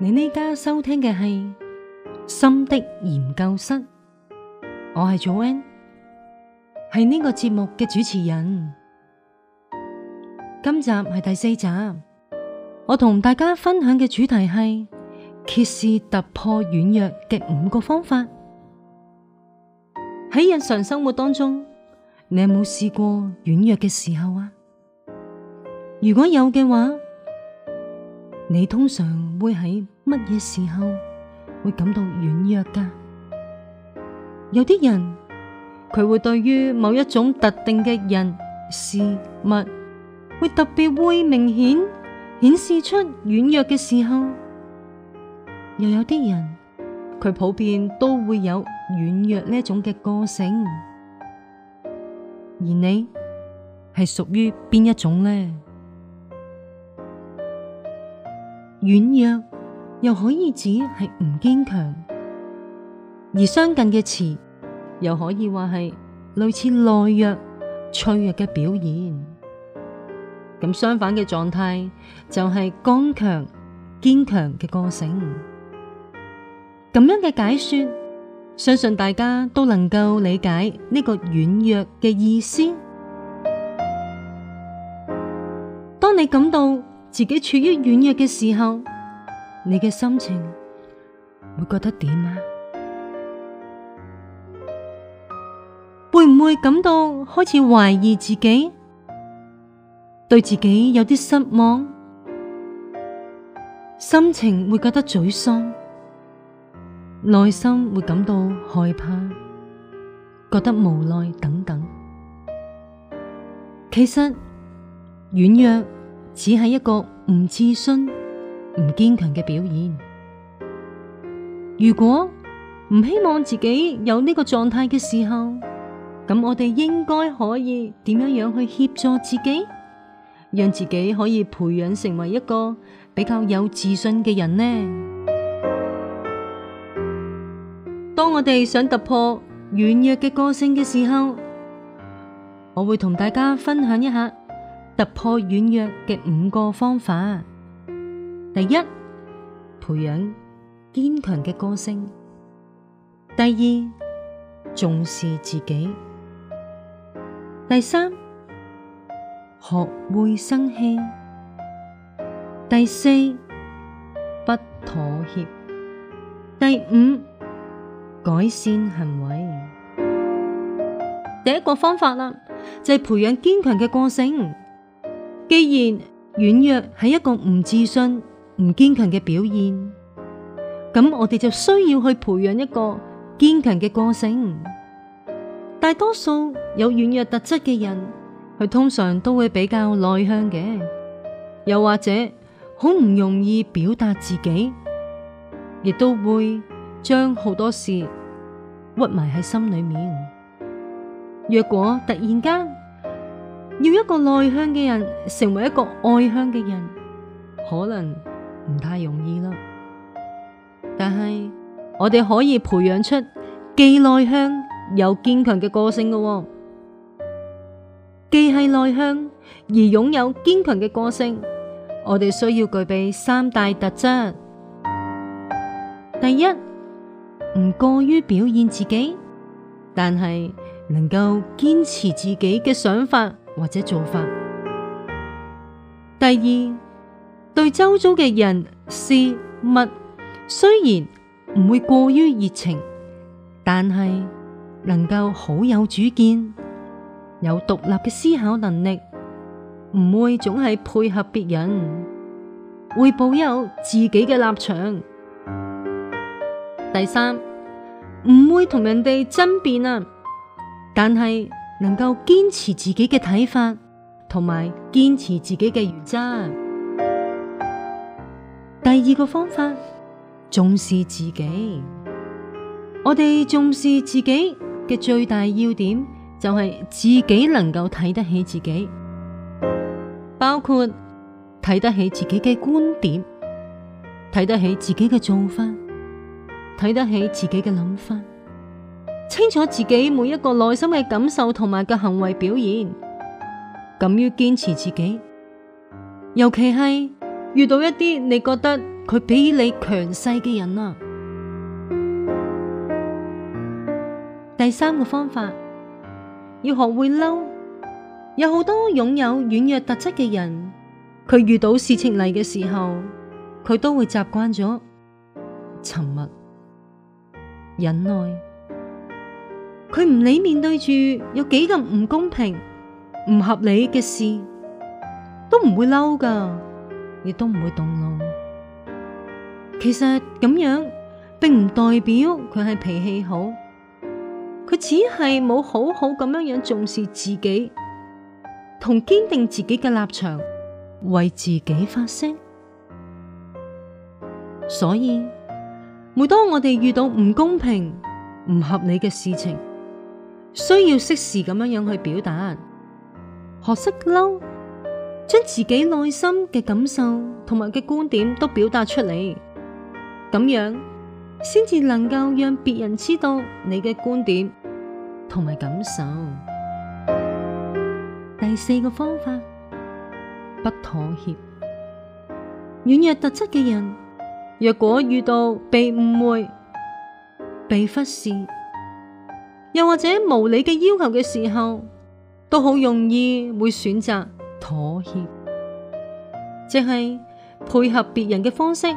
你呢家收聽嘅係《心的鹽研室》，我係 Joanne，係呢個節目嘅主持人。今集係第四集，我同大家分享嘅主題係揭示突破軟弱嘅五個方法。喺日常生活當中，你有冇試過軟弱嘅時候啊？如果有嘅話，你通常會喺乜嘢時候會感到軟弱噶？有啲人佢會對於某一種特定嘅人、事物，會特別會明顯顯示出軟弱嘅時候，又有啲人佢普遍都會有軟弱呢種嘅個性。而你係屬於邊一種呢？軟弱又可以指係唔堅強，而相近嘅詞又可以話係類似懦弱、脆弱嘅表現。咁相反嘅狀態就係剛強、堅強嘅個性。咁樣嘅解說，相信大家都能夠理解呢個軟弱嘅意思。當你感到自己處於軟弱嘅時候，你嘅心情會覺得點呀？會唔會感到開始懷疑自己？對自己有啲失望，心情會覺得沮喪，內心會感到害怕，覺得無奈等等。其實軟弱。只係一個唔自信、唔堅強嘅表現。如果唔希望自己有呢個狀態嘅時候，咁我哋應該可以點樣樣去協助自己，讓自己可以培養成為一個比較有自信嘅人呢？當我哋想突破軟弱嘅個性嘅時候，我會同大家分享一下。突破軟弱嘅五個方法：第一，培養堅強嘅個性；第二，重視自己；第三，學會生氣；第四，不妥協；第五，改善行為。第一個方法啦，就係培養堅強嘅個性。既然軟弱係一個唔自信、唔堅強嘅表現，咁我哋就需要去培養一個堅強嘅個性。大多數有軟弱特質嘅人，佢通常都會比較內向嘅，又或者好唔容易表達自己，亦都會將好多事屈埋喺心裏面。若果突然間，要一個內向嘅人成為一個外向嘅人，可能唔太容易啦。但係我哋可以培養出既內向又堅強嘅個性嘅，既係內向而擁有堅強嘅個性。我哋需要具備三大特質：第一，唔過於表現自己，但係能夠堅持自己嘅想法，或者做法。第二，對周遭嘅人事物，雖然唔會過於熱情，但係能夠好有主見，有獨立嘅思考能力，唔會總係配合別人，會保有自己嘅立場。第三，唔會同人哋爭辯啊，但係，能夠堅持自己嘅睇法，同埋堅持自己嘅原則。第二個方法，重視自己，我哋重視自己嘅最大要點就係、是，自己能夠睇得起自己，包括睇得起自己嘅觀點，睇得起自己嘅做法，睇得起自己嘅諗法。清楚自己每一個內心嘅感受同埋嘅行為表現，敢於堅持自己，尤其係遇到一啲你覺得佢比你強勢嘅人啊。第三個方法要學會嬲，有好多擁有軟弱特質嘅人，佢遇到事情嚟嘅時候，佢都會習慣咗沉默忍耐。佢唔理面對住有幾咁唔公平、唔合理嘅事，都唔會嬲㗎，亦都唔會動怒。其實咁樣並唔代表佢係脾氣好，佢只係冇好好咁樣樣重視自己，同堅定自己嘅立場，為自己發聲。所以每當我哋遇到唔公平、唔合理嘅事情，需要適時咁樣樣去表達，學識嬲，將自己內心嘅感受同埋嘅觀點都表達出嚟，咁樣先至能夠讓別人知道你嘅觀點同埋感受。第四個方法，不妥協。軟弱特質嘅人，若果遇到被誤會、被忽視。又或者無理嘅要求嘅時候，都好容易會選擇妥協，即係配合別人嘅方式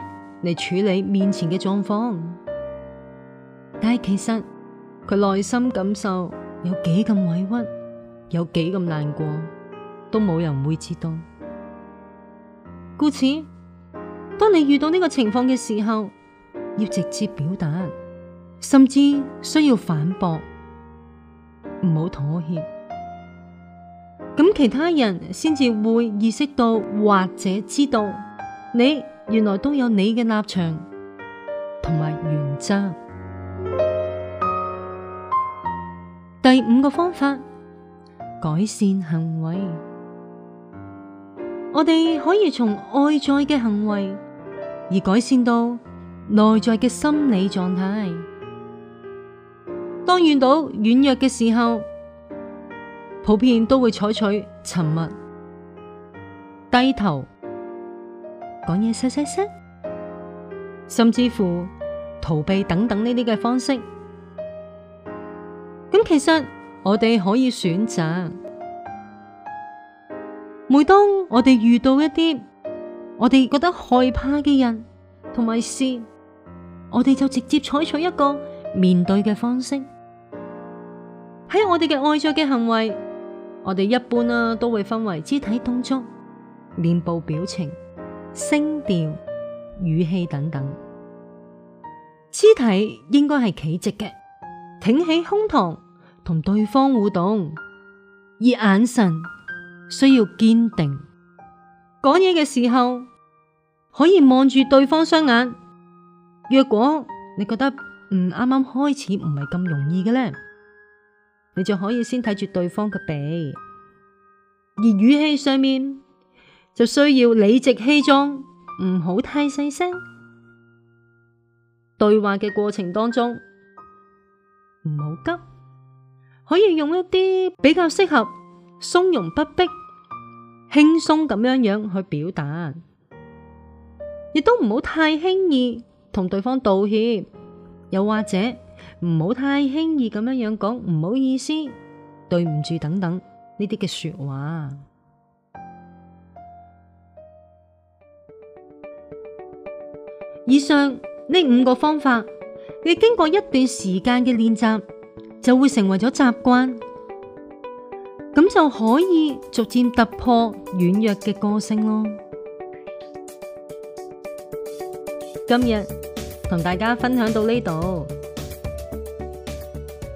嚟處理面前嘅狀況。但係其實，佢內心感受有幾咁委屈，有幾咁難過，都冇人會知道。故此，當你遇到呢個情況嘅時候，要直接表達，甚至需要反駁。唔好妥協，咁其他人先至會意識到或者知道你原來都有你嘅立場同埋原則。第五個方法，改善行為，我哋可以從外在嘅行為而改善到內在嘅心理狀態。當遇到軟弱嘅時候，普遍都會採取沉默、低頭、講嘢細細聲，甚至乎逃避等等呢啲嘅方式。咁其實我哋可以選擇，每當我哋遇到一啲我哋覺得害怕嘅人同埋事，我哋就直接採取一個。面對嘅方式，喺我哋嘅外在嘅行為，我哋一般啊都會分為肢體動作、面部表情、聲調、語氣等等。肢體應該係企直嘅，挺起胸膛，同對方互動；而眼神需要堅定。講嘢嘅時候，可以望住對方雙眼。若果你覺得，唔啱啱開始唔係咁容易嘅呢。你就可以先睇住對方嘅鼻，而語氣上面就需要理直氣壯，唔好太細聲。對話嘅過程當中，唔好急，可以用一啲比較適合從容不迫、輕鬆咁樣樣去表達，亦都唔好太輕易同對方道歉。又或者唔好太輕易咁樣樣講，唔好意思，對唔住等等呢啲嘅說話。以上呢五個方法，你經過一段時間嘅練習，就會成為咗習慣，咁就可以逐漸突破軟弱嘅個性咯。今日。同大家分享到呢度。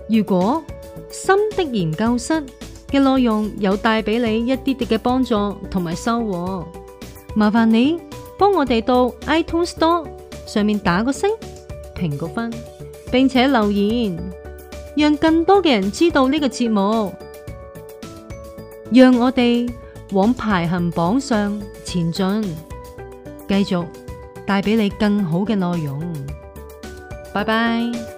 如果心的鹽研室嘅內容有帶俾你一啲啲嘅幫助同埋收穫，麻煩你幫我哋到 iTunes Store 上面打個星，評個分，並且留言，讓更多嘅人知道呢個節目，讓我哋往排行榜上前進，繼續。帶俾你更好嘅內容，拜拜。